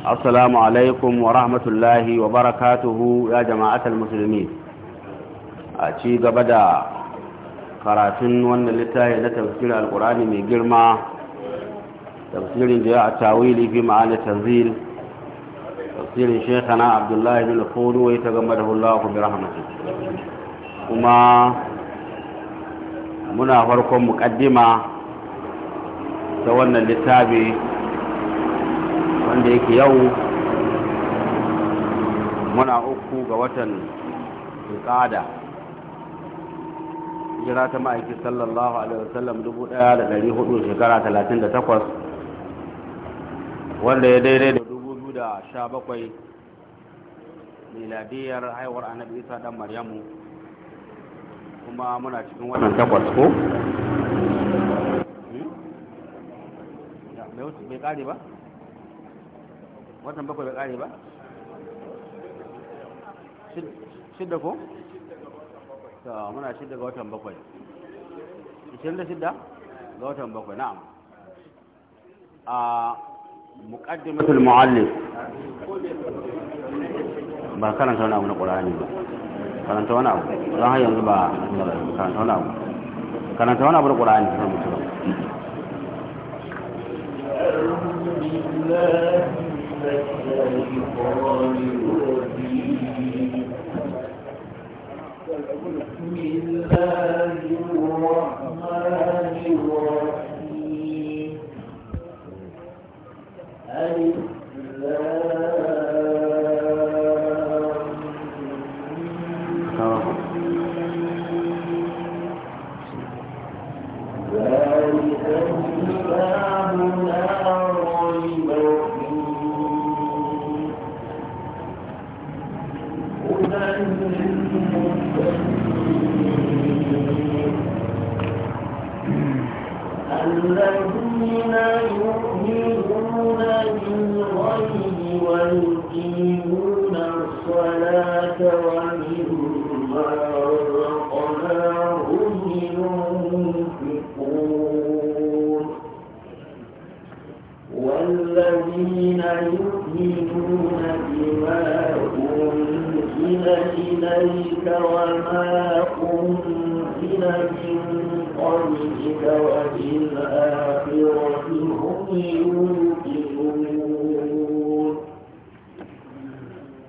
السلام عليكم ورحمة الله وبركاته يا جماعة المسلمين أتي قبدا قراتن وان لتاهي لتفسير القرآن من جرمى تفسير جاء التاويل في معاني التنزيل تفسير شيخنا عبد الله بن الخول ويتغمده الله برحمته وما muna farkon mukaddima ta wannan littafi wanda yake yau muna uku ga watan tsada jira ta ma'aiki sallallahu alaihi wasallam dubu da dari hudu shekara talatin da takwas wanda ya daidai da dubu da sha bakwai miladiyar haihuwar annabi isa dan maryamu kuma muna cikin wannan takwas ko mai hmm? kare ba watan bakwai da ƙare ba shidda ko? ta muna shidda ga watan bakwai ishirin da shidda ga watan bakwai na'am a muƙaddimatul mu'allif ba karanta wani abu na ƙulani ba karanta wani abu don har yanzu ba karanta wani abu karanta wani abu na ƙulani ba mutu ba أعوذ بالله الله الرحمن الرحيم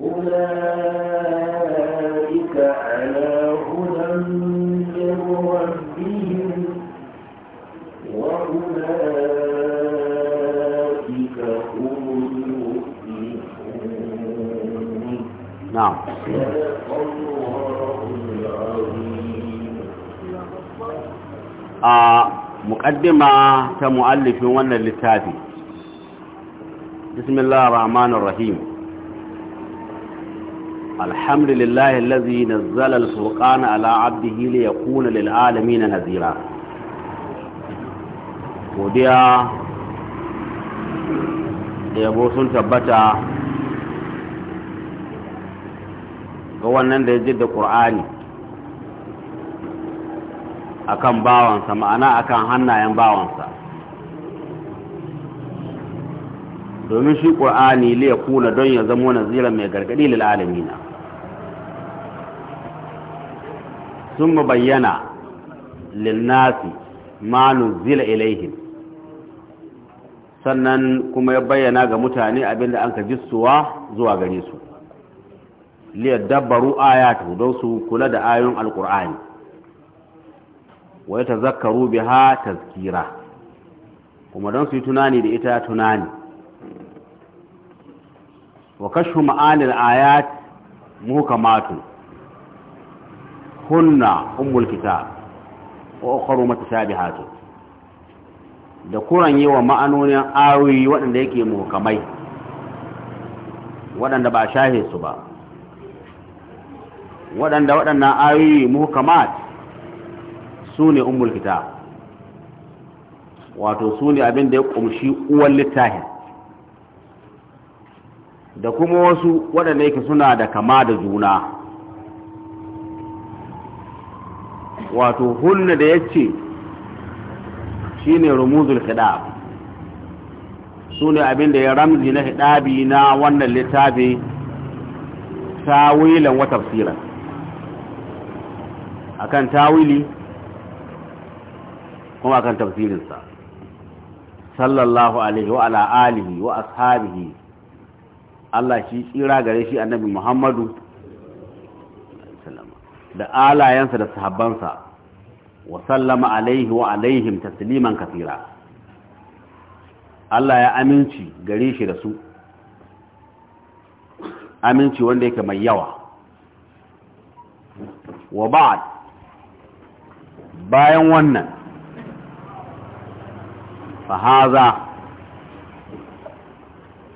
أولئك على هدى من ربهم وأولئك هم المفلحون نعم a muƙaddima ta mu'allifin wannan littafi bismillah rahmanir rahim الحمد لله الذي نزل الفرقان ya عبده ليكون للعالمين نذيرا godiya da yabo sun tabbata ga wannan da ya jidda ƙur'ani akan bawansa ma'ana akan hannayen bawansa domin shi ƙur'ani liya kuna don ya zamo nazira mai gargaɗi lil'alamina Sun bayyana للناس ما نزل إليهم sannan kuma ya bayyana ga mutane abinda an ka jissuwa zuwa gare su liyar dabbaru ayatu don su kula da ayoyin alkur'ani wai ta zakaru biha tazkira kuma don su yi tunani da ita tunani wa kashu ma'anin ayat muhkamatun hunna ummul kitab wa ukhra mutashabihatu da kuran yi wa ma'anonin ayoyi waɗanda yake muhkamai waɗanda ba shahe su ba waɗanda waɗannan ayoyi muhkamat su ne ummul kitab wato su ne abin da ya ƙumshi uwan littafin da kuma wasu waɗanda yake suna da kama da juna wato hunna da yace shine rumuzul hidab sune abin da ya ramzi na hidabi na wannan littafi tawilan wa tafsiran akan tawili kuma akan tafsirinsa sallallahu alaihi wa ala alihi wa ashabihi Allah shi tsira gare shi annabi Muhammadu da alayensa da sahabbansa wa sallama alaihi wa alaihim tasliman kafira Allah ya aminci gare shi da su aminci wanda yake mai yawa wa ba'd bayan wannan haza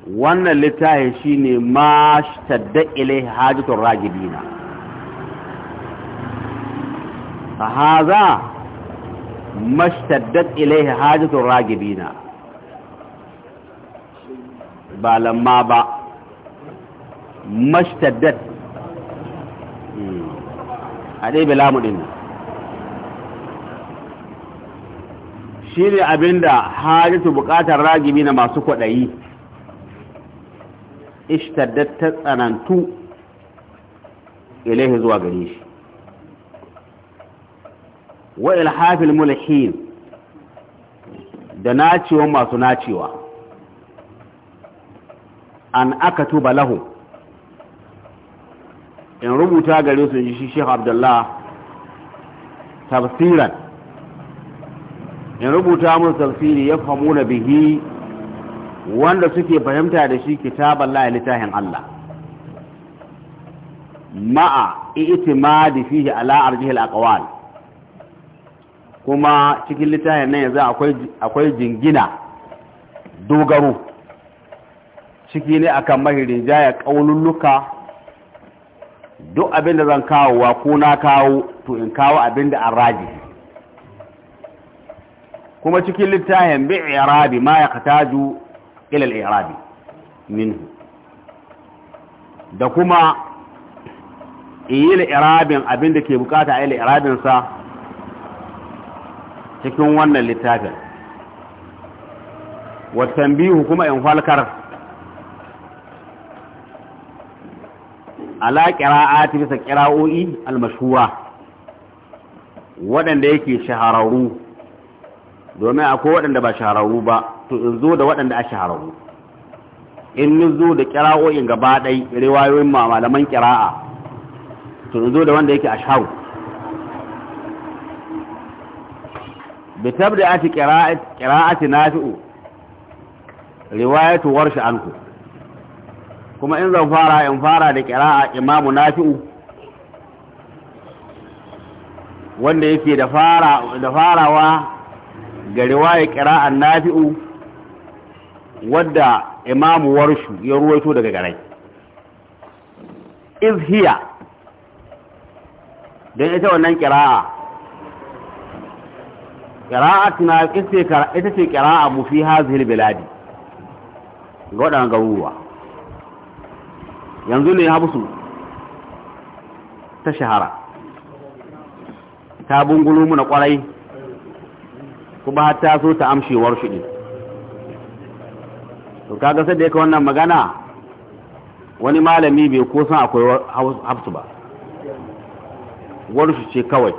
wannan littafi shine ma shtadda ilai hajjatul ragibina فهذا ما اشتدت إليه حاجة الراجبين بالما با ما اشتدت هذه بلا مدينة shine abinda hajjatu bukatar ragibi na masu kwaɗayi ishtaddat ta tsanantu ilaihi zuwa gare shi wa ilhafil mulhin da nacewa masu nacewa an aka tuba lahu in rubuta gare su ji shi Sheikh Abdullah tafsiran in rubuta musu tafsiri ya na bihi wanda suke fahimta da shi kitabar la littafin Allah ma'a i'timadi fihi ala arjihil aqwal kuma cikin littafin nan yanzu akwai jingina dogaro ciki ne akan mahirin jaya ƙaunulluka duk abin da zan kawo wa ko na kawo to in kawo abin da an rage kuma cikin littafin bi irabi ma ya kataju ilal irabi minhu da kuma iyil irabin abin da ke bukata a ila irabinsa cikin wannan littafin watan biyu kuma in falkar ala ƙira'ati bisa ƙira'o'i almashuwa waɗanda yake shahararru domin akwai waɗanda ba shahararru ba to in zo da waɗanda a shahararru in ni zo da ƙira'o'in gaba ɗai riwayoyin malaman ƙira'a to in zo da wanda yake a shahararru بتبدأة قراءة قراءة نافع رواية in عنه كما إن ظفارة إنفارة لقراءة إمام نافع wanda yake da farawa ga riwaya ƙira'an nafi'u wadda imamu warshu ya ruwaito daga garai izhiya don ita wannan ƙira'a qira'atuna ita ce qira'a mu ga yanzu ne habsu ta shahara ta bungulu mu na kwarai kuma har ta so ta amshewar shi ne to kaga sai da yake wannan magana wani malami bai ko akwai hafsu ba warshi ce kawai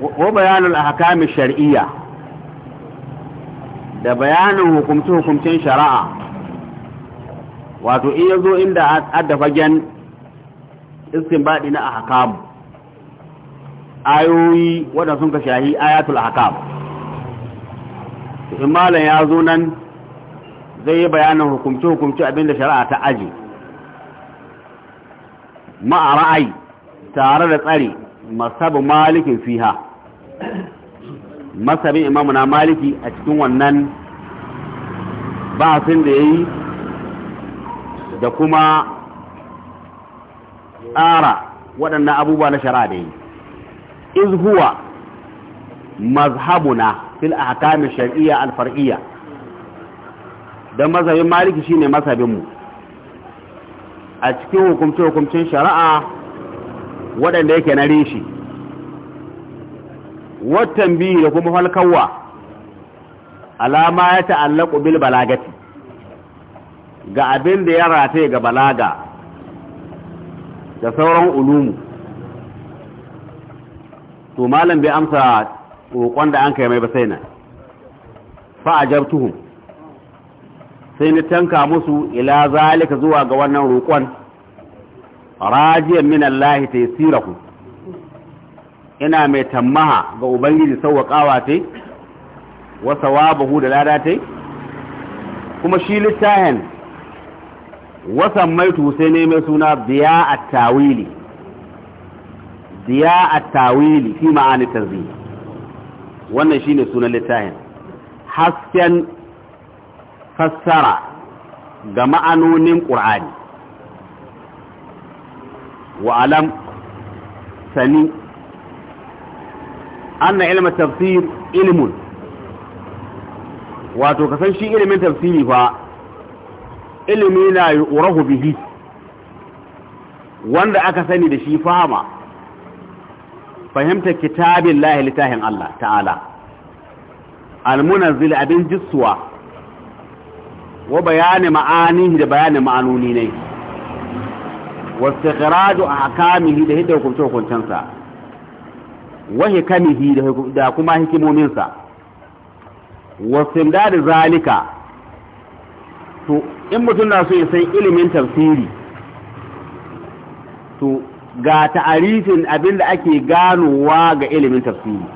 wa bayanul ahkam shar'iyya da bayanin hukumce hukumcen shari'a wato in yazo inda adda fagen istinbadi na ahkam ayoyi wanda ka shahi ayatul ahkam in malam ya zo nan zai yi bayanin hukumce hukumce abinda shari'a ta aji ma'a ra'ayi tare da tsari masabu malikin fiha masabin imamu na maliki a cikin wannan sun da ya yi da kuma tsara waɗannan abubuwa na shari'a da ya yi iz huwa mazhabuna fil ahkam shar'iyya al far'iyya dan mazhabin maliki shine mazhabin mu a cikin hukumce hukumcen shari'a waɗanda yake na reshi watan biyu da kuma falkawa alama ya ta'allaku bil balagati ga abin da ya rataye ga balaga da sauran ulumu to malam bai amsa roƙon da an kai mai ba sai nan fa'ajabtuhum sai ni tanka musu ila zalika zuwa ga wannan roƙon rajiyan min Allah taysirahu yana mai tammaha ga ubangiji sauwaƙawa ta wa sawabahu da lada ta kuma shi littahin wasan maitusai sai ne mai suna biya a tawili biya a tawili fi ma'ani tarzi wannan shi ne sunan littahin hasken fassara ga ma'anonin ƙur'ani wa'alan sani anna ilmin tafsir ilmun wato ka san shi ilimin tafsiri fa ilimi na yu'rahu bihi wanda aka sani da shi fahama fahimta kitabin lahi litahin Allah ta'ala almunazzil abin jissuwa wa bayani ma'anihi da bayanin ma'anoni ne wasu da ahkamihi da hidda hukunce hukuncensa Wahi kamihi da kuma hikimominsa wasu da zalika to in mutum na so ya san ilimin tafsiri to ga ta'arifin abin da ake ganowa ga ilimin tafsiri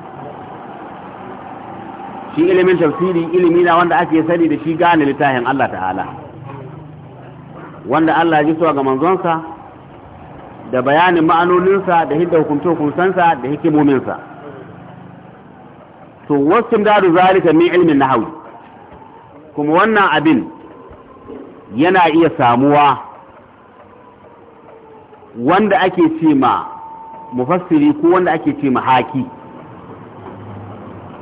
shi ilimin tafsiri ilimi na wanda ake sani da shi gane littafin Allah ta'ala wanda Allah ya ji so ga manzonsa da bayanin ma'anoninsa da hidda hukunce da hikimominsa to wasu daru zalika min ilmin nahawi kuma wannan abin yana iya samuwa wanda ake ce ma mufassiri ko wanda ake ce ma haki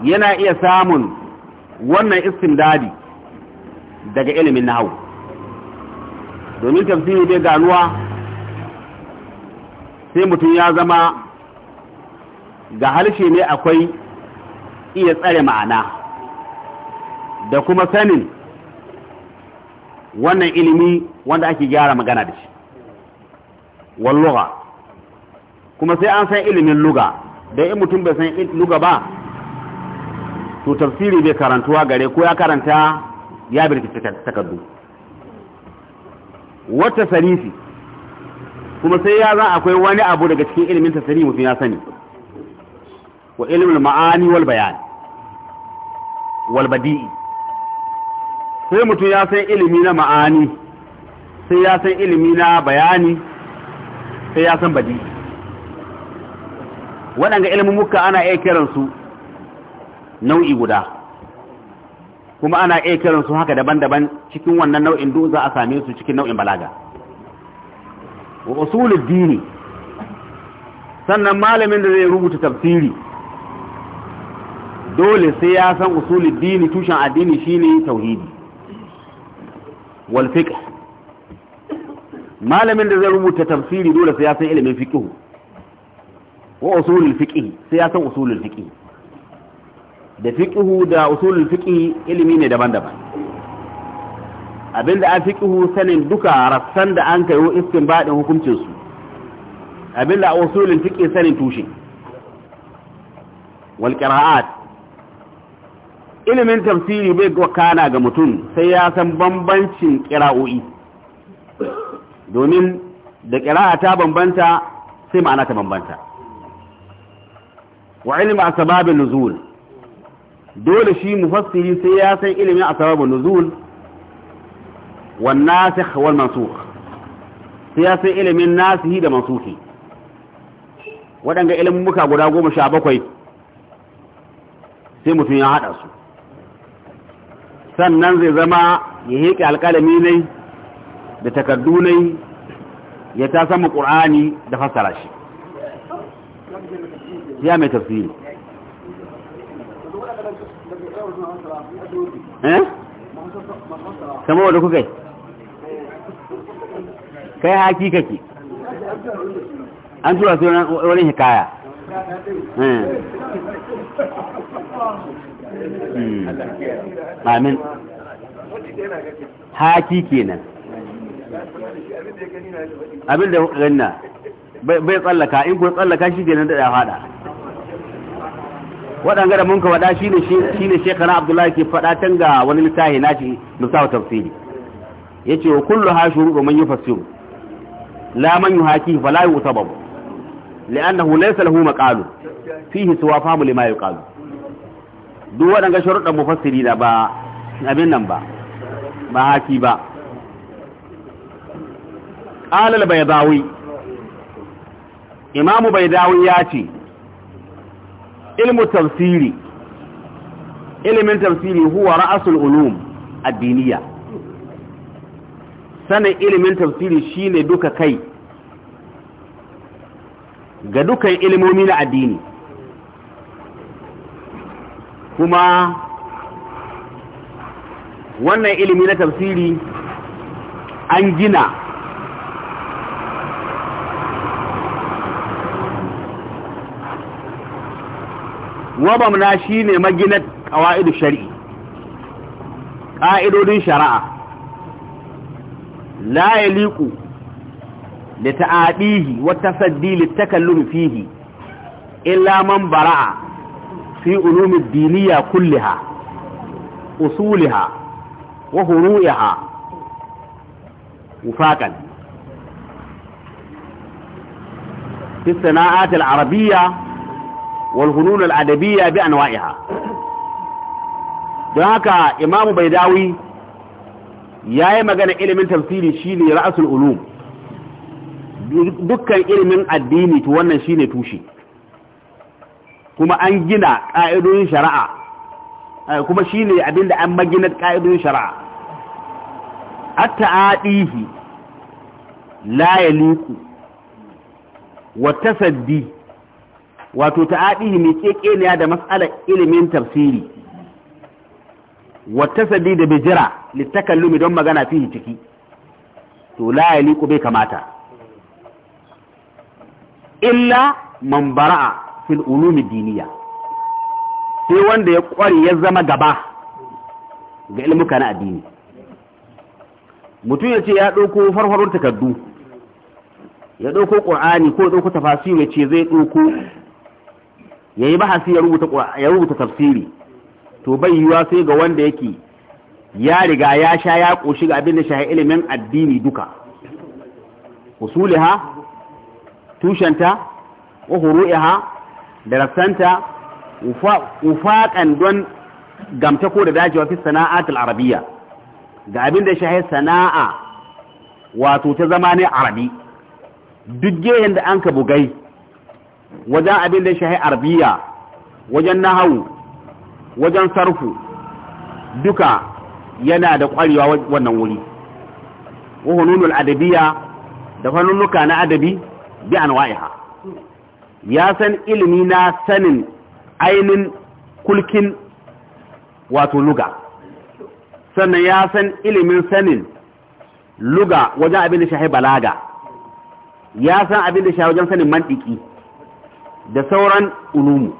yana iya samun wannan istindadi daga ilimin nahawu domin tafsiri bai ganuwa sai mutum ya zama ga harshe ne akwai iya tsare ma'ana da kuma sanin wannan ilimi wanda ake gyara magana da shi walluga kuma sai an san ilimin luga da in mutum bai san luga ba to tafsiri bai karantuwa gare ko ya karanta ya birkice takardu wata salifi kuma sai ya zan akwai wani abu daga cikin ilimin tasiri mutum ya sani wa ilimin ma'ani wal bayan wal badi'i sai mutum ya san ilimi na ma'ani sai ya san ilimi na bayani sai ya san badi'i waɗanga ilimin muka ana iya su nau'i guda kuma ana iya su haka daban-daban cikin wannan nau'in duk za a same su cikin nau'in balaga wa usulul dini sannan malamin da zai rubuta tafsiri dole sai ya san usulul dini tushen addini shine tauhidi wal fiqh malamin da zai rubuta tafsiri dole sai ya san ilimin fiqh wa usulul fiqh sai ya san usulul fiqh da fiqh da usulul fiqh ilimi ne daban-daban abinda an fiqhu sanin duka rassan da an iskin istinbadin hukuncin su abinda a usulin fiqh sanin tushe wal ilimin tafsiri bai wakana ga mutum sai ya san bambancin qira'o'i domin da ƙira'a ta bambanta sai ma'ana ta bambanta wa ilimin asbabin nuzul dole shi mufassiri sai ya san ilimin asbabun nuzul والناسخ والمنسوخ wal علم الناس هي sai ilimin nasihi da mansuhi waɗanga ilimin muka guda goma sha bakwai sai mutum ya haɗa su sannan zai zama ya heƙe alƙalami ne da takardu ne ya ta samu ƙur'ani da fassara shi ya mai tafsiri eh? kama wadda kuka yi kai haki kake an tura su wani hikaya eh. hmm. amin haki kenan abin da ganna bai tsallaka in ku tsallaka shi ke nan da ya fada waɗanga da munka waɗa shi ne shekara abdullahi ke faɗa tanga wani littafi na shi wa tafsiri ya ce wa kullu ha shuru domin yi fasiru لا من يهاكيه فلا يؤتبر لأنه ليس له مقال فيه سوى فهم لما يقال دو ودنك شرط المفسرين با أبين نمبا با هاكي با قال البيضاوي إمام بيضاوي ياتي علم التفسير علم التفسير هو رأس العلوم الدينية sanin ilimin tafsiri shine duka kai ga dukan ilimomi na addini kuma wannan ilimi na tafsiri an gina wabamna shine maginat ƙawa'idu shari'i ƙa'idodin shari'a لا يليق لتعاديه والتفدي للتكلم فيه إلا من برع في علوم الدينية كلها أصولها وهروئها وفاقا في الصناعات العربية والهنون الأدبية بأنواعها. ذاك إمام بيداوي Ya yi magana ilimin tafsiri shine ra'asul ulum dukkan ilimin addini to wannan shine tushe kuma an gina ƙa'idoyin shari'a eh, kuma shine abinda an magina ƙa'idoyin shari'a a taadihi la wata wa wato ta'adihi ne kekeniya da mas'alar ilimin tafsiri watasadi da bijira litakallumi don magana fihi ciki to la yaliqu bai kamata illa man bara'a fil ulumi diniya sai wanda ya kware ya zama gaba ga ilmuka na addini mutum ya ce ya ɗauko farfaron takardu ya ɗauko ƙur'ani ko ɗauko tafasiri ya ce zai ɗauko ya yi bahasi ya rubuta tafsiri to bai yiwa sai ga wanda yake ya riga ya sha ya koshi ga abin da shahi ilimin addini duka usuliha tushenta wa huru'iha da ufaƙan don gamta ko da dacewa fi sana'atul arabiya ga abin da shahi sana'a wato ta ne arabi duk gehen da an ka bugai wajen abin da shahi arabiya wajen nahawu wajen sarfu duka yana da kwarewa wannan wuri wuhununul adabiya da fannunuka na adabi bi waiha ya san ilimi na sanin ainin kulkin wato luga sannan ya san ilimin sanin luga wajen abin da shahi balaga ya san abin da shahi wajen sanin mantiki da sauran ulumu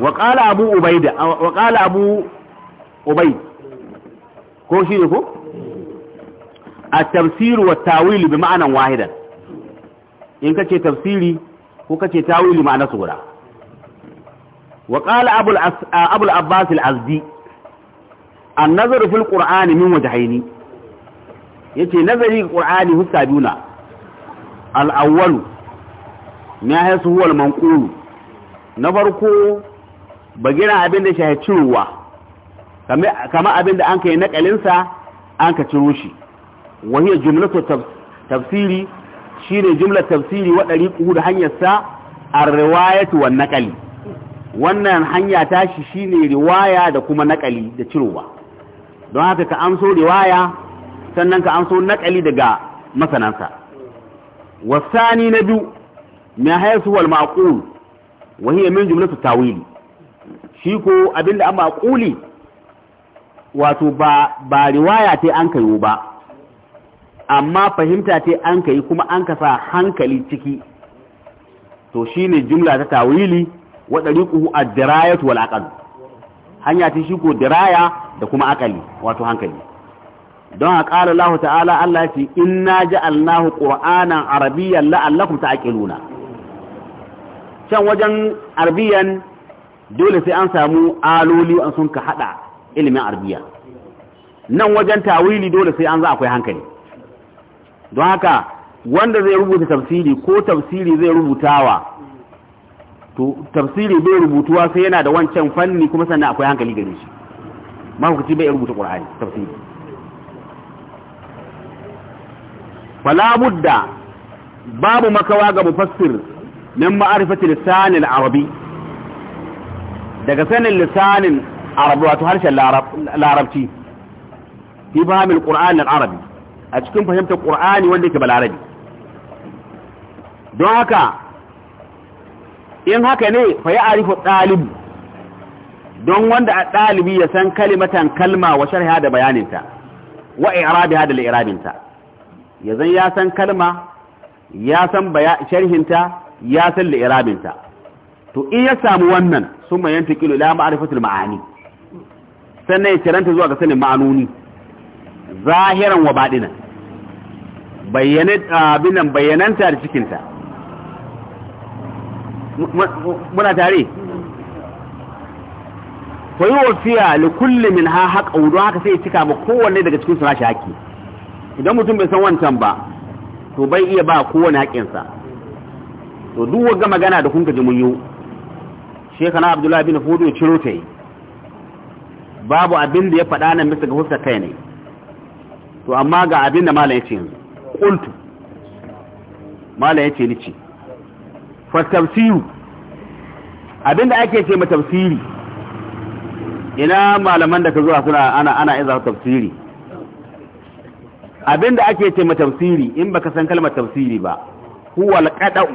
wa abu ubaida ubaid ko shi ne ko at wa tawil bi wahidan in kace tafsiri ko kace tawili ma'ana guda wa qala abu abu al azdi an-nazar fi min wajhayn yace nazari qur'ani hussa biyuna al-awwal ma hasu na farko bagira abin da shahi cirowa kama abin da an ka yi nakalinsa an ka ciro shi Wani jumlatar tafsiri shi ne jumlar tafsiri waɗari kuhu da hanyarsa a riwayatu wa nakali wannan hanya tashi shi ne riwaya da kuma nakali da cirowa don haka ka amso riwaya sannan ka amso nakali daga masanansa wasani na biyu mai haisu wal ma'qul wa min tawili shi ko abinda an makuli wato ba ba riwaya ta an kayo ba amma fahimta ta an kai kuma an ka sa hankali ciki to shine jumla ta tawili wa dariquhu ad-dirayatu wal aql hanya ta shi ko diraya da kuma akali wato hankali don a ƙara Allah ta'ala Allah ce inna ja'alnahu qur'anan arabiyyan la'allakum ta'qiluna can wajen arabiyan dole sai an samu aloli an sun ka hada ilimin arabiya nan wajen tawili dole sai an za akwai hankali don haka wanda zai rubuta tafsiri ko tafsiri zai rubutawa to tafsiri bai rubutuwa sai yana da wancan fanni kuma sannan akwai hankali gare shi mahukaci bai rubuta qur'ani tafsiri fala budda babu makawa ga mufassir min ma'rifati lisan al daga sanin lisanin arabu wato harshen larabci fi fahimil qur'anin arabi a cikin fahimtar qur'ani wanda yake balarabi don haka in haka ne fa ya arifu ɗalib don wanda a ɗalibi ya san kalimatan kalma wa sharha da bayaninta wa i'rabiha da i'rabinta yazan ya san kalma ya san sharhinta ya san li'irabinta to in ya samu wannan sun mayan kilo la ma'arifatul ma'ani sannan ya ciranta zuwa ga sanin ma'anoni zahiran wa baɗinan binan bayyananta da cikinta muna tare fa yi wafiya da kullum min ha haƙa wudu haka sai ya cika ba kowanne daga cikin suna shi haƙi idan mutum bai san wancan ba to bai iya ba kowane haƙinsa to duk wanda magana da kun ka ji mun yi shekana abdullahi bin fudu ya ciro ta yi babu abin da ya faɗa nan bisa ga huskar kai ne to amma ga abin da malam ya ce yanzu ƙultu malam ya ce ni ce fastamsiyu abin da ake ce matafsiri ina malaman da ka zuwa suna ana ana iza tafsiri abin da ake ce matafsiri in baka san kalmar tafsiri ba huwal qada'u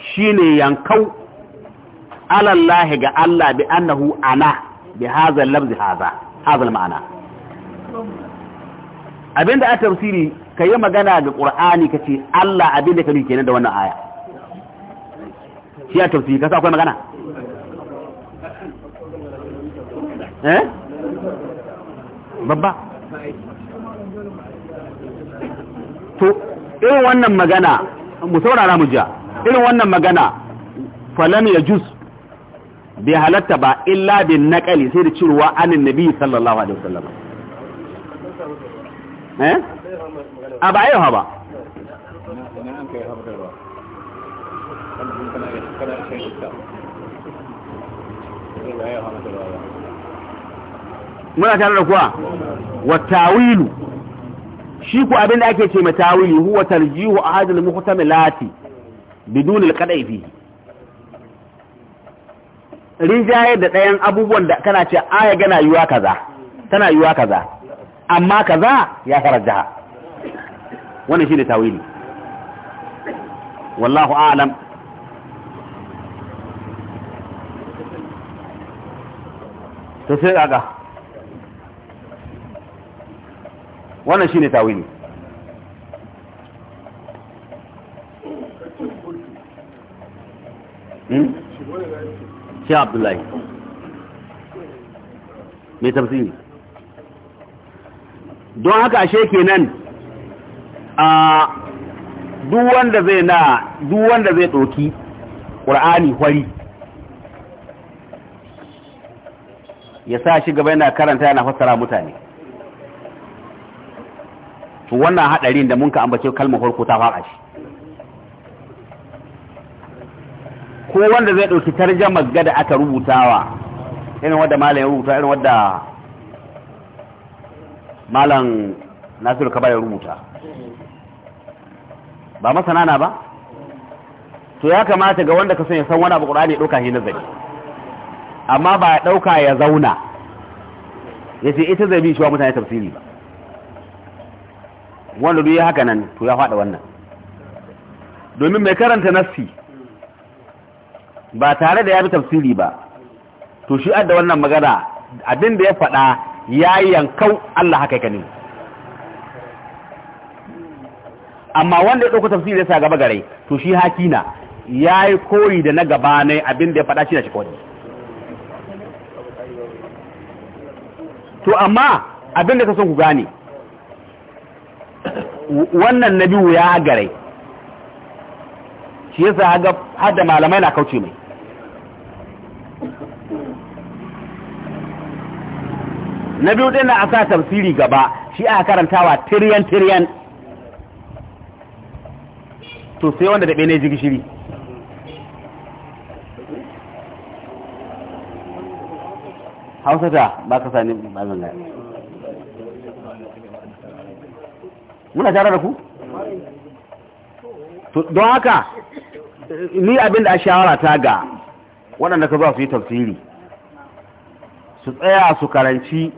shine yankau alallahi ga Allah bi annahu ana bi hadha lafzi hadha hadha maana abinda a tafsiri kayi magana ga Qur'ani kace Allah abinda ka kenan da wannan aya shi a tafsiri kasa akwai magana eh babba to irin wannan magana mu saurara mu ja irin wannan magana falam ya bai halatta ba illa bin naƙali sai da cirwa anin nabi sallallahu alaihi wasallam eh a ba ayyuha ba muna tare da kuwa wa tawilu shi ku abin da ake ce ma tawili huwa tarjihu ahadul muhtamilati bidun al-qadaifi rijaye da ɗayan abubuwan da kana ce ya gana yiwa kaza tana yiwa kaza amma kaza ya farajaha wannan ne tawili wallahu a'lam ta sai kaga wannan ne tawili hmm? shi abdullahi mai don haka ashe kenan a duk wanda zai na duk wanda zai ɗauki ƙur'ani hwari ya sa shi gaba yana karanta yana fassara mutane to wannan haɗarin da mun ka ambace kalmar farko ta fara shi ko wanda zai ɗauki tarjamar gada aka rubutawa irin wadda malam ya rubuta irin wadda malam nasiru kabar ya rubuta ba masana na ba to ya kamata ga wanda ka son ya san wani abu ƙur'ani ya ɗauka shi nazari amma ba ya ɗauka ya zauna ya ce ita zai bi shi wa mutane tafsiri ba wanda duk ya haka nan to ya faɗa wannan domin mai karanta nassi ba tare da ya bi tafsiri ba to shi adda wannan magana abin da ya faɗa ya yi yankau Allah haka yake ne amma wanda ya ɗauko tafsiri ya sa gaba gare to shi haki na ya yi koyi da na gaba ne abin da ya faɗa shi na shi to amma abin da ka son ku gane wannan na biyu ya gare shi yasa haga hada malamai na kauce mai na biyu ɗin na a sa tafsiri gaba shi a karantawa tiriyan tiriyan to sai wanda daɓe ne ji gishiri hausa ta ba ka sani ba zanga muna tare da ku? don haka ni abin da a shawara ta ga waɗanda ka zuwa su yi tafsiri su tsaya su karanci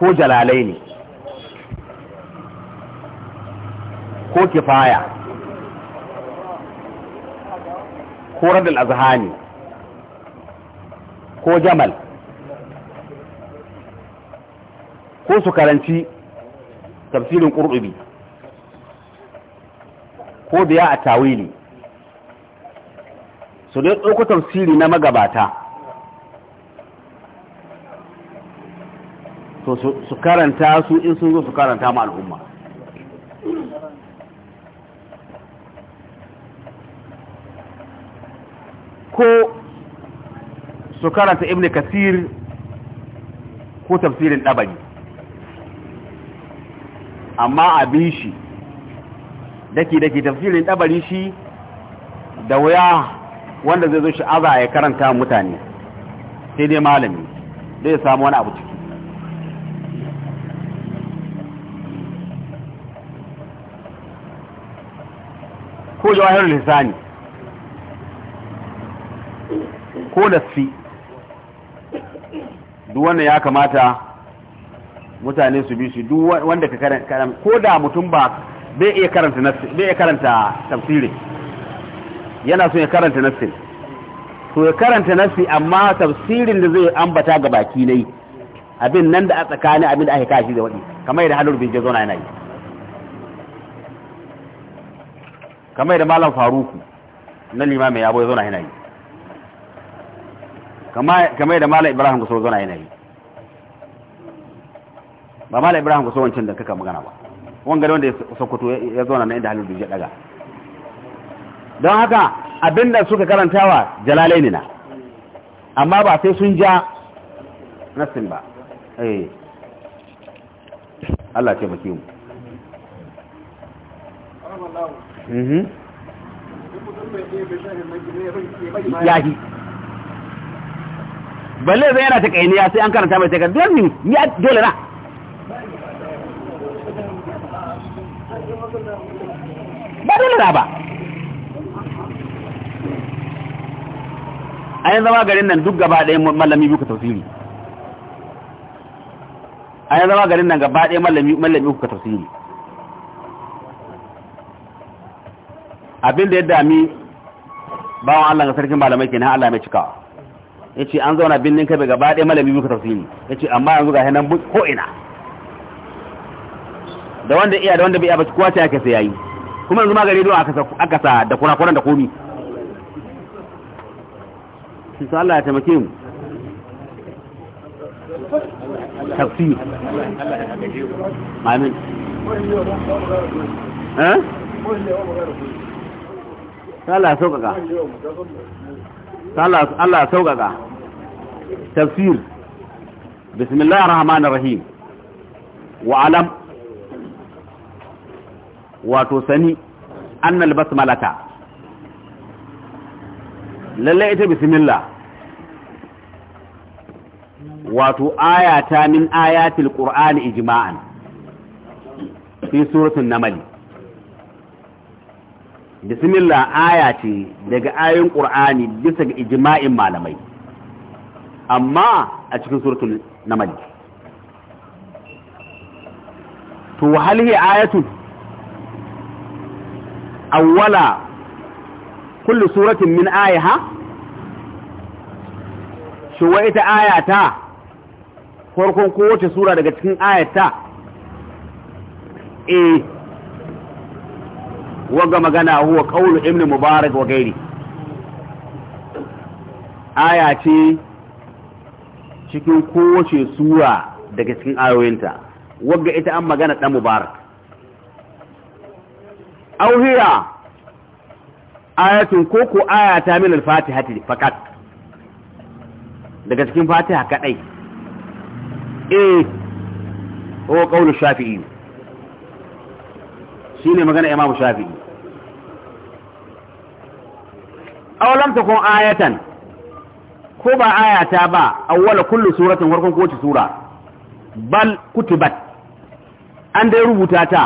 ko jalalai ne ko kifaya ko radul azhani ko jamal ko su karanci tafsirin ƙurɗubi ko biya a tawili su dai ɗauko tafsiri na magabata to su karanta su in sun zo su karanta ma al'umma ko su karanta ibn kasir ko tafsirin ɗabari amma abin shi daki-daki tafsirin ɗabari shi da wuya wanda zai zo shi aza ya karanta mutane sai dai malami zai samu wani abu ko jawahir lisani ko lasfi duk wanda ya kamata mutane su bi shi duk wanda ka karanta ko da mutum ba bai iya karanta nafsi bai iya karanta tafsiri yana so ya karanta nafsi to ya karanta nafsi amma tafsirin da zai ambata ga baki ne abin nan da a tsakani abin da aka kashi da wadi kamar yadda halur bin jazona yana yi kamar da malam faruku na limamin ya bai zauna yana yi kamar da malam ibrahim kusa zauna yana yi ba malam ibrahim kusa wancan da kaka magana ba wanga da wanda ya sokoto ya zauna na inda halin ya daga don haka abinda suka karantawa jalalaini na amma ba sai sun ja nassin ba eh. Allah ce mu Mhm. yahi balle zai yana ta kainiya sai an karanta mai takardu don ya dole na ba dole na ba a yin zama garin nan duk gaba ɗaya mallami muka tausiri a yin zama garin nan gaba ɗaya mallami muka tausiri abin da ya dami bawan Allah ga sarkin malamai kenan Allah mai cika Ya ce an zauna binnin kabe gaba ɗaya malami muka tafsiri ce amma yanzu ga hannun ko'ina da wanda iya da wanda bai abaci ba kowa ta yake sai yi. kuma yanzu ma don aka sa da kurakuran da komi shi Allah ya taimake mu tafsir amin eh Allah sauƙaƙa Allah sauƙaƙa tafsir bismillah ar-rahman ar-rahim wa alam wato sani basmalata lalle ita bismillah wato ayata min ayatil qur'ani ijma'an fi suratul naml bismillah aya ce daga ayoyin qur'ani bisa ga ijma'in malamai amma a cikin suratul namal to hal hi ayatun awwala kullu suratin min ayaha shi wa ita ayata farkon kowace sura daga cikin ayata eh wagga magana huwa qawlu ibn mubarak wa gairi aya ce cikin kowace sura daga cikin ayoyinta wagga ita an magana dan mubarak aw hiya ayatun koko aya ta min al-fatihati fakat daga cikin fatiha kadai eh huwa qawlu shafi'i shine magana imam shafi'i lam takun ayatan ko ba ayata ba awwala kullu suratin farkon kowace sura bal kutibat an dai rubuta ta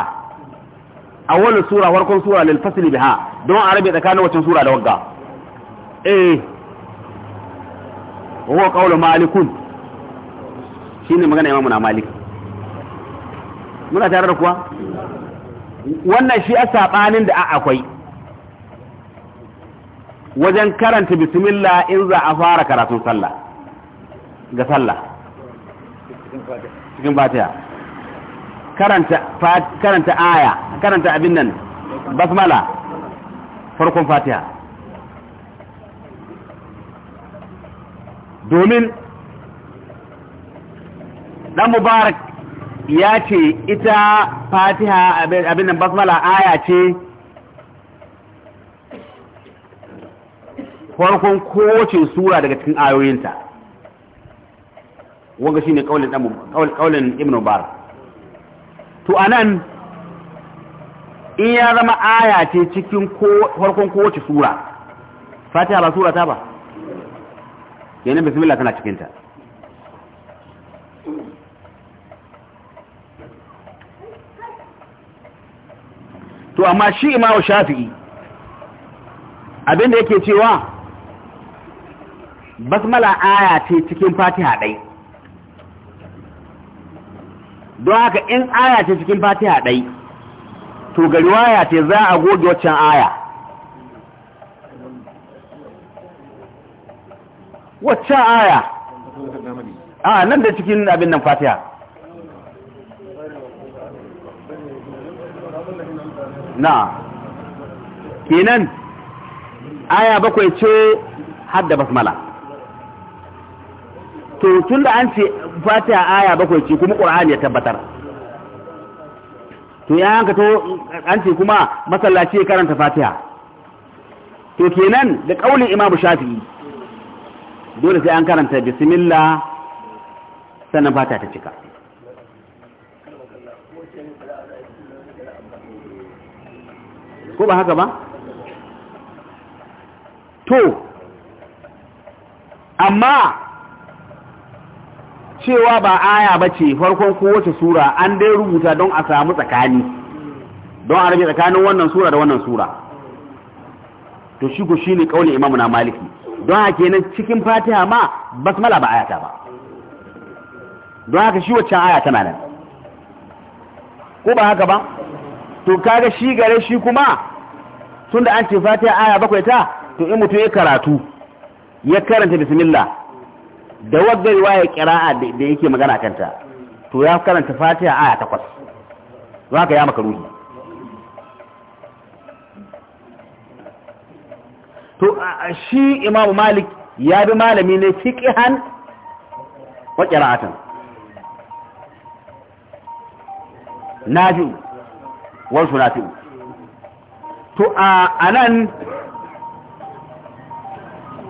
awwala sura farkon sura lil fasli biha don arabi tsakanin wacin sura da wagga eh huwa qawlu malikun shine magana imamu na malik muna tare da kuwa wannan shi a sabanin da akwai wajen karanta bismillah in za a fara karatun sallah ga sallah cikin fatiha karanta karanta aya karanta abin nan basmala farkon fatiha domin dan mubarak ya ce ita fatiha abin nan basmala aya ce farkon kowace sura daga cikin ayoyinta wanga shine kaulin kaulin ibn mubarak to anan in ya zama aya ce cikin farkon kowace sura fatiha ba sura ta ba kenan bismillah tana cikin ta to amma shi imamu shafi'i abinda yake cewa basmala aya ce cikin fatiha ɗai don haka in aya ce cikin fatiha ɗai to gari waya ce za a goge waccan aya waccan aya a nan da cikin abin nan fatiha na kenan aya bakwai ce hadda basmala to tun da an ce fatiha aya bakwai ce kuma ƙur'ani ya tabbatar to ya hanka to an ce kuma masallaci ya karanta fatiha to kenan da ƙaunin imamu shafi'i dole sai an karanta bismillah sannan fata ta cika ko ba haka ba to amma cewa ba aya ba ce farkon kowace sura an dai rubuta don a samu tsakani don a rage tsakanin wannan sura da wannan sura to shi ku shi ne ƙaunin imamu na maliki don haka kenan cikin fatiha ma basmala ba ayata ba don haka shi waccan aya tana nan ko ba haka ba to kaga shi gare shi kuma tunda an ce fatiha aya bakwai ta to in mutum ya karatu ya karanta bismillah da wagga riwaya qira'a da yake magana kanta to ya karanta fatiha aya takwas za ka ya maka ruhi to shi imamu malik ya bi malami ne fiqhan wa qira'atan nafi'u na fi, to a anan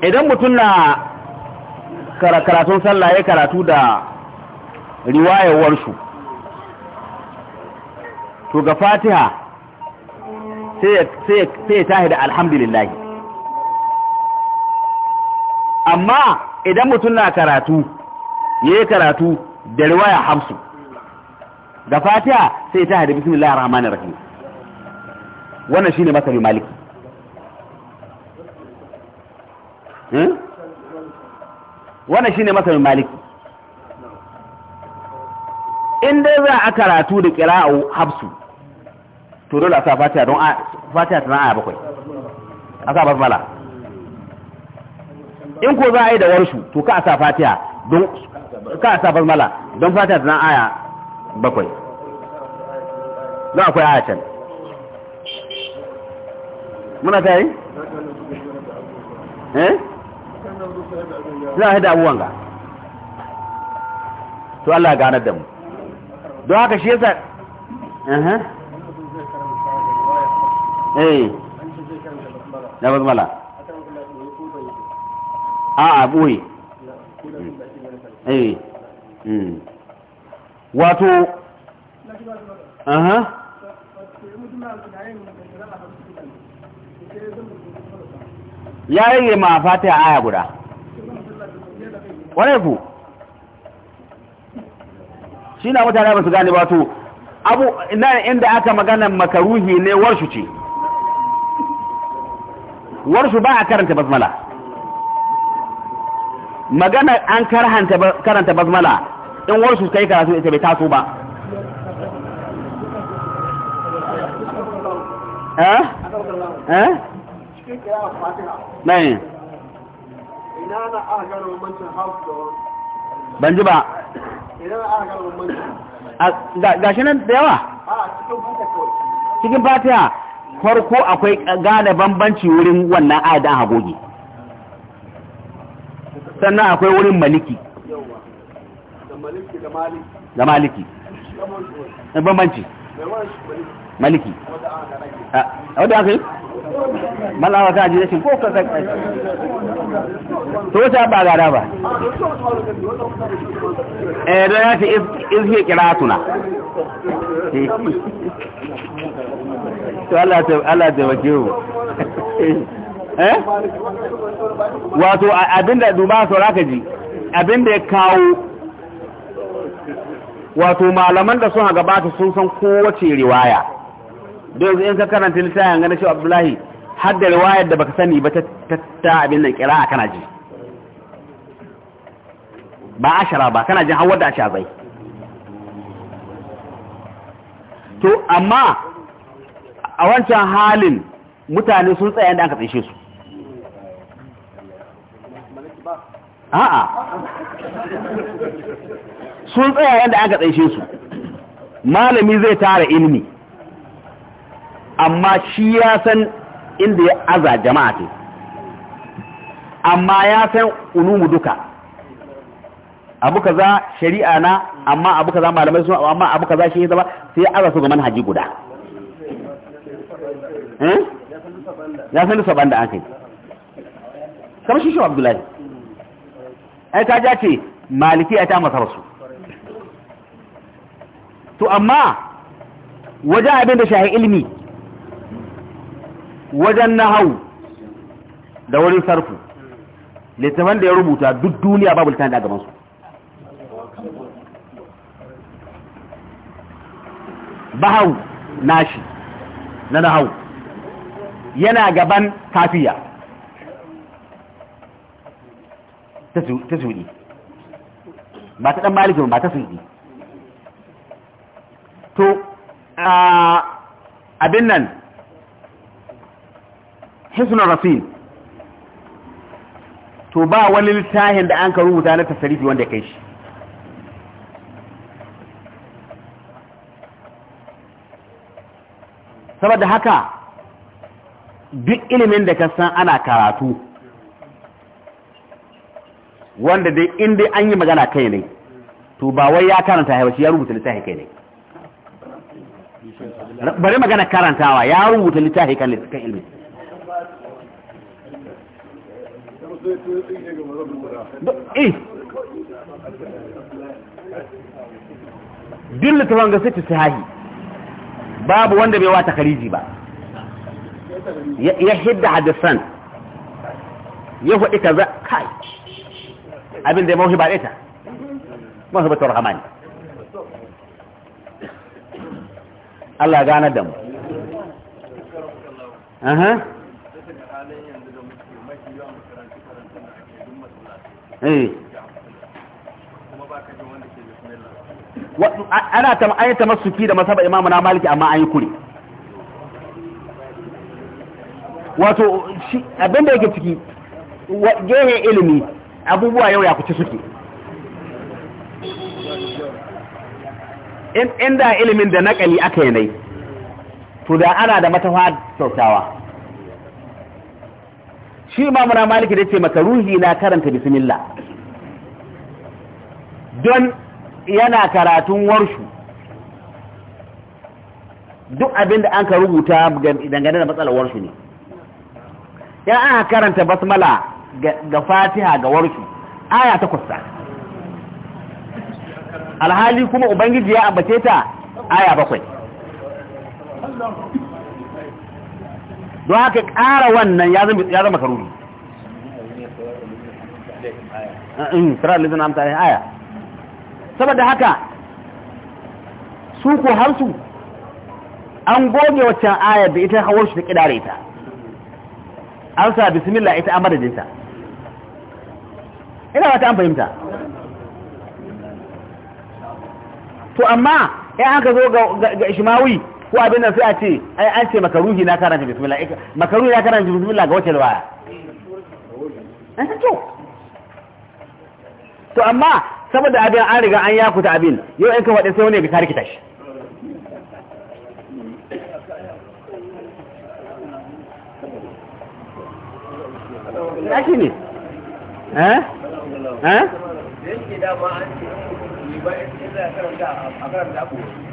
idan mutum na karatun sallah ya karatu da riwayawarsu to ga fatiha sai ya tahi da alhamdulillah amma idan mutum na karatu ya yi karatu da riwaya hamsu ga fatiha sai ya tahi da bismillah rahmanin rahim wannan shi ne maliki hmm? wannan shine masalin maliki in dai za a karatu da qira'u habsu to dole a sa fatiha don fatiha ta aya bakwai a sa basmala in ko za a yi da warshu to ka a sa fatiha don ka a sa basmala don fatiha ta aya bakwai don akwai aya can muna ta yi? eh? suna haɗa abubuwan ga to Allah ganar da mu don haka shi yasa eh eh na basmala a a boye eh hmm. wato aha uh-huh. ya yi ma fata aya guda kwarai ku shi na mutane ba su gane ba to abu na inda aka magana makaruhi ne warshu ce warshu ba a karanta basmala magana an karanta basmala in warshu kai karatu ita bai taso ba eh eh ina ban ji ba ina na ga shi nan da yawa cikin Fatiya? farko akwai gane bambanci wurin wannan adan hagogi sannan akwai wurin maliki da maliki da maliki bambanci maliki a wadda aka yi malawa ta ji rashin ko ka sai to wata ba gada ba eh da ya fi izhe kiratuna to Allah ta Allah ta wake eh wato abinda duba sauraka ji abinda ya kawo wato malaman da sun gabata sun san kowace riwaya don in ka karanta littafin ganin shi abdullahi har da riwayar da baka sani ba ta abin nan kira kana ji ba ashara ba kana jin hawar da asha zai to amma a wancan halin mutane sun tsaye da aka tsaye su a'a sun tsaye da aka tsaye su malami zai tara ilimi amma shi ya san inda ya aza jama'a ce amma ya san ulumu duka abu za shari'a na amma abu za malamai su amma abu za shi zama sai ya aza su ga manhaji guda eh? ya san ban banda an kai kamar shi shi Abdullahi ai ta ja ce maliki ta masa wasu to amma waje abin da shahi ilmi wajen nahau da wurin sarfu littafan da ya rubuta duk duniya babu littafin da gabansu bahau nashi na nahau yana gaban kafiya ta suɗi ba ta ɗan malikin ba ta suɗi to abin nan hisnul rasil to ba wani littafin da an ka rubuta na tasarifi wanda ya kai shi saboda haka duk ilimin da ka san ana karatu wanda dai inda an yi magana kai ne to ba wai ya karanta haifashi ya rubuta littafi kai ne bari magana karantawa ya rubuta littafi kan ilimin eh duk littafin ga sai sahihi babu wanda bai wata kariji ba ya hidda hadisan ya faɗi ka za kai abin da ya mawuhi ba ɗaya ta mawuhi ba ta rahamani Allah gane da mu Eh. ana ta masuki da masaba imamu na maliki amma an yi kure wato abinda yake ciki gehe ilimi abubuwa yau ya kuci suke inda ilimin da nakali aka yanayi to da ana da matafa sautawa shi mamuna maliki da ce ruhi na karanta bismillah don yana karatun warshu duk abin da an ka rubuta dangane da matsalar warshu ne ya an karanta basmala ga fatiha ga warshu aya ta kusa alhali kuma ubangiji ya ambace ta aya bakwai don haka ƙara wannan ya zama karuri mm, aya saboda haka su ko harsu an goge waccan ayar da ita hawar shi ta ƙidare ta an sa bismillah ita an madadinta ina wata an fahimta to amma ya haka zo ga ishimawi ko abin nan sai a ce ai an ce makaruhi na karanta bismillah makaruhi na karanta bismillah ga wace riwaya an to to amma saboda abin an riga an yakuta abin yau in ka faɗi sai wani ga ki tashi ya shi ne eh eh an ce ba za karanta a karanta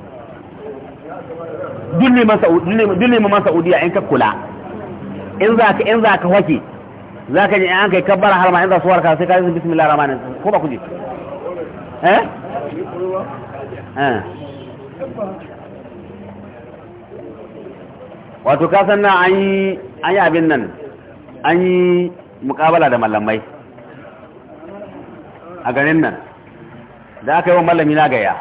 dille masa saudiya in ka kula in za ka in za ka wake za ka ji an kai kabbara har ma in za su warka sai ka yi bismillah rahmanin ko ba ku ji eh, eh. wato ka san na an yi an yi abin nan an yi mukabala da malamai a garin nan da aka yi wa malami na gaya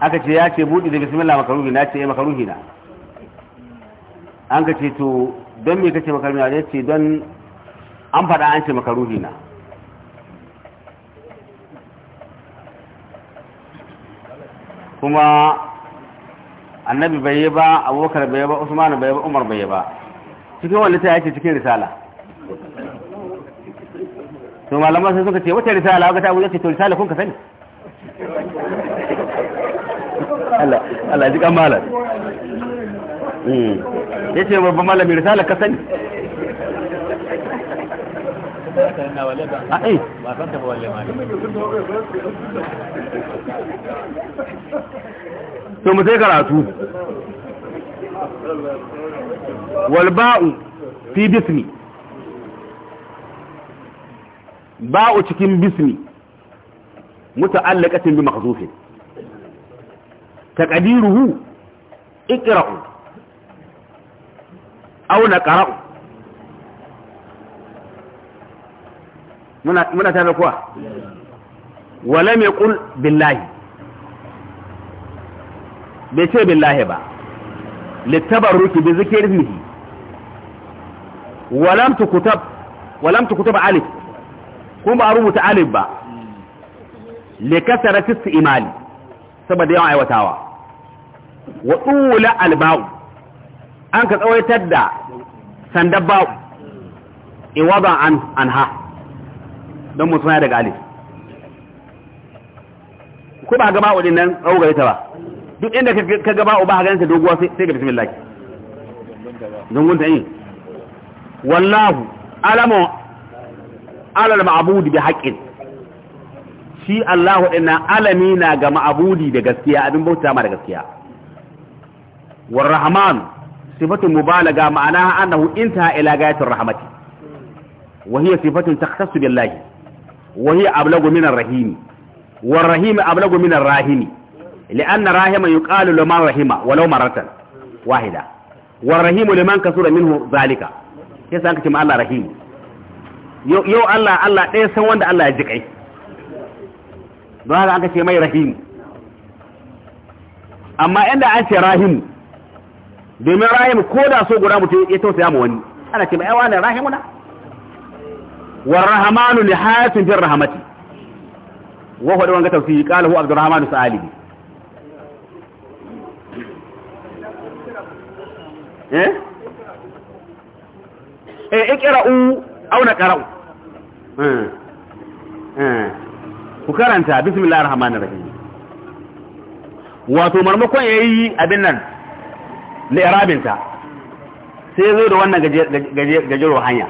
aka ce ya ce buɗe da bismillah makaruhi na ce eh, makaruhi na an ka ce to don me kace makaruhi na ya ce don an faɗa an ce makaruhi na kuma annabi bai yi ba abubakar bai yi ba usman bai yi ba umar bai yi ba cikin wanda ta yace cikin risala to malaman sai suka ce wata risala ga ta wuce to risala kun ka sani Allah ji kamalar ya ce babban malami risala ka sani to mu sai karatu walba'u fi bismi ba'u cikin bismi mutu'allaqatin bi makhzufin taqdiruhu iqra'u aw naqra'u muna muna tare kuwa wa lam yaqul billahi bai ce billahi ba litabarruki bi zikrihi wa lam tukutab wa lam tukutab alif kuma rubuta alif ba li kasarati saboda yawan aiwatawa wa ɗula alba'u an ka tsawaitar da sandar ba'u in waba an ha don musulma daga alif ku ba gaba wajen nan tsawo ta ba duk inda ka ba'u ba ganin ta doguwa sai ga bismillah zungunta yi wallahu alamu alal ma'budi bi haqqin shi Allahu inna alami na ga ma'budi da gaskiya abin bauta ma da gaskiya والرحمن صفة مبالغة معناها أنه انتهى إلى غاية الرحمة وهي صفة تختص بالله وهي أبلغ من الرحيم والرحيم أبلغ من الراهيم لأن راهم يقال لمن رحمه ولو مرة واحدة والرحيم لمن كسر منه ذلك يسا أنك تم الله رحيم يو, يو الله الله إيه سوان الله يجيك don haka an ka ce mai rahimu amma inda an ce rahimu domin rahim ko da so guda mutum ya tausaya ma wani ana ce mai wani rahimuna wa rahamanu li hayatin bir rahamati wa huwa wanga tafsiri qala hu abdurrahmanu sa'alibi eh eh ikra'u aw naqra'u eh eh ku karanta bismillahir rahmanir rahim wato marmakon yayi abin nan li'irabinta sai zo da wannan gajero hanya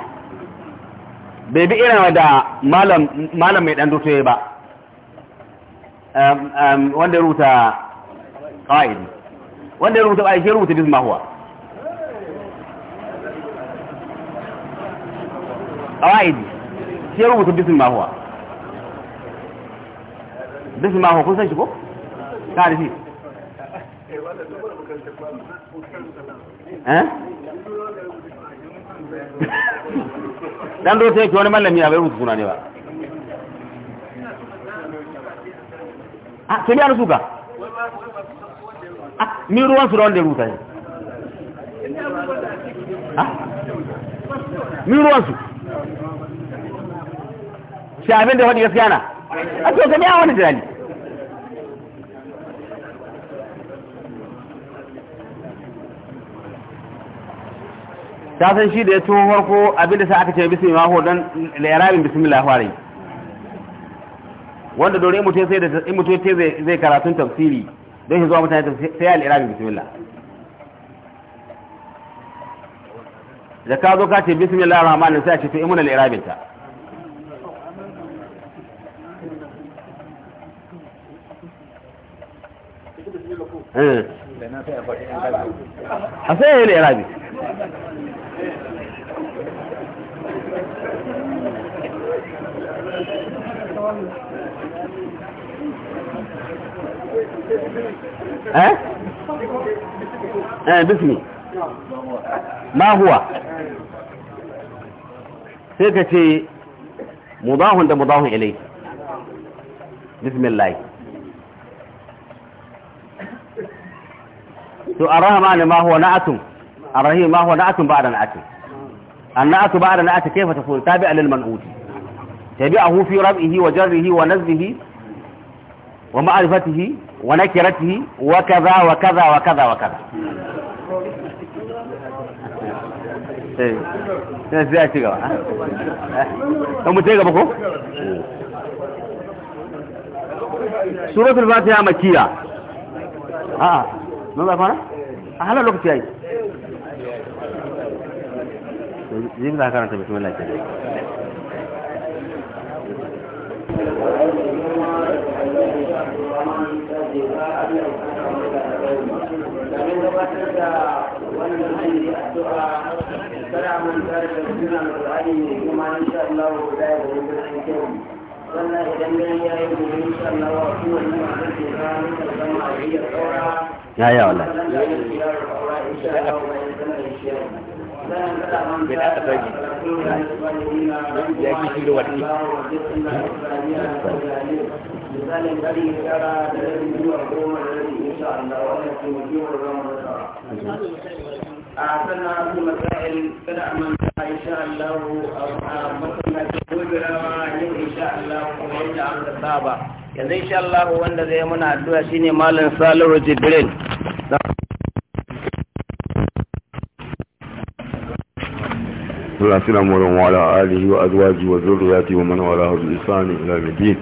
bai bi irin da malam mai dan dutoye ba wanda rubuta ƙa'idi wanda rubuta ba ke rubuta bizma huwa ƙa'idi ke rubuta bizma huwa bizma huwa kun san shi ko? ta shi Eh? dan do sai ki wani mallami a bai rubuta suna ne ba ah, a to ya rubuta a ah, mi ruwan su ruwan da wanda rubuta ne ah? ni ruwan su shi abin da wani gaskiya na a to ka biya wani jirani ta san shi da ya tuho farko abinda sai aka ce bismillah ho dan lairabin bismillah fare wanda dole mutum sai da in mutum zai karatun tafsiri don shi zuwa mutane sai ya lairabin bismillah da ka zo ka ce bismillah rahman sai a ce to imuna lairabin ta eh. a sai ya yi lairabin eh eh bismi ma huwa sai ka ce mudahun da mudahun ilai bismillah to arrahman ma huwa na'atun arrahim ma huwa na'atun ba'da na'atun an na'atu ba'da na'ati kayfa takun tabi'a lil man'uti tabi'ahu fi rab'ihi wa jarrihi wa nazbihi wa ma'rifatihi wa nakiratihi wa kaza wa kaza wa kaza wa kaza eh, eh, mu wannan idan gani ya yi gobe insha wa kuma zama a iya tsora ya ya wala ya ya wala insha Allah zama da shi bai da aka zagi ya shi da yanzu insha Allah wanda zai muna addu'a shine malam Salihu Jibril صلى الله عليه وسلم وعلى آله وأزواجه وذرياته ومن والاه بإحسان إلى الدين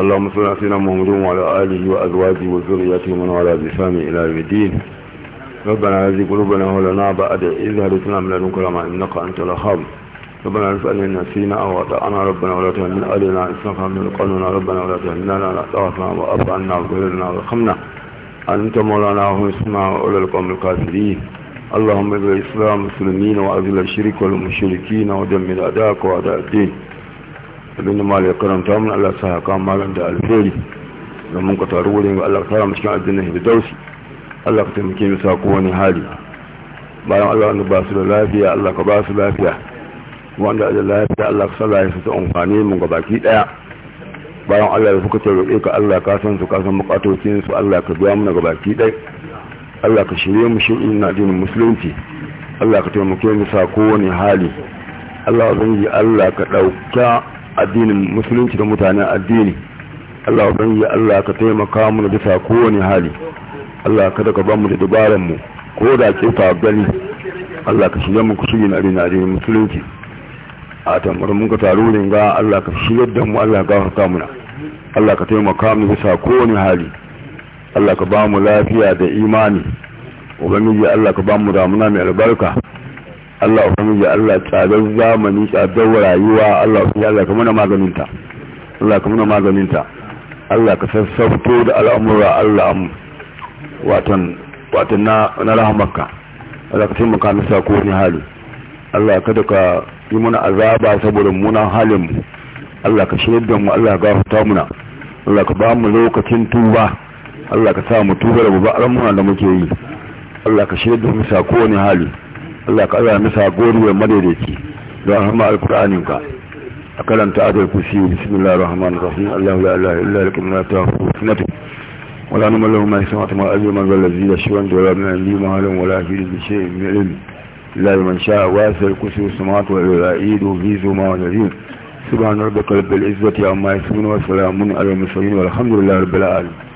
اللهم صل على سيدنا محمد وعلى آله وأزواجه وذريته ومن والاه بإحسان إلى الدين ربنا هذه قلوبنا ولنا بعد إذ هدتنا من لدنك لما إنك أنت الأخاب ربنا ارفعنا إن نسينا أو أطعنا ربنا ولا تهمنا علينا إسناك من قلنا ربنا ولا تهمنا لنا أعطنا وأبعنا وغيرنا وارحمنا أنت مولانا واسمع أولى القوم الكافرين اللهم اجعل الإسلام المسلمين وأذل الشرك والمشركين ودمر أداك وأداء الدين abin da ya karanta mun Allah sa haka malam da alheri da ka taru wurin ga Allah kara cikin addinin Hidausi Allah ka taimake mu sa wani hali bayan Allah wanda ba su da lafiya Allah ka ba su lafiya wanda da lafiya Allah ka sala su ta amfani mun baki daya bayan Allah ya fuka ta ka Allah ka san su ka san Allah ka biya mu ga baki daya Allah ka shirye mu shi ina addinin musulunci Allah ka taimake mu sa kowane hali Allah ubangiji Allah ka dauka addinin musulunci da mutanen addini Allah ubangiji Allah ka taimaka mu da sa kowane hali Allah kada ka ba mu da dubaran mu ko da ke ta gani Allah ka shirye mu kusuri na addinin musulunci a tamar mun ka taro ne ga Allah ka shirye da mu Allah ka gafarta mu Allah ka taimaka mu bisa kowane hali Allah ka ba mu lafiya da imani ubangiji Allah ka ba mu damuna mai albarka Allah ubangiji Allah tsadar zamani tsadar rayuwa Allah ubangiji Allah ka muna maganinta Allah ka muna maganinta Allah ka sassafto da al'amura Allah mu watan watan na na rahamarka Allah ka taimaka mu sako ni hali Allah ka ka yi muna azaba saboda munan halin mu Allah ka shirya mu Allah ka gafarta muna Allah ka ba mu lokacin tuba Allah ka sa mu tuba da babban muna da muke yi Allah ka shirya mu sa kowane hali Allah ka Allah mu sa gori wa madaidaici don rahama alqur'anin ka a karanta adal kusi bismillahir rahmanir rahim Allahu la ilaha illa huwa al-qayyum sunatu ولا نمل له ما سمعت ما أجل من ذا الذي لا شوان ولا من عندي مهل ولا في بشيء من علم لا لمن شاء واسع الكسر السماوات والعيد وفيز وما ونذير سبحان ربك رب العزة عما يصفون وسلام على المرسلين والحمد لله رب العالمين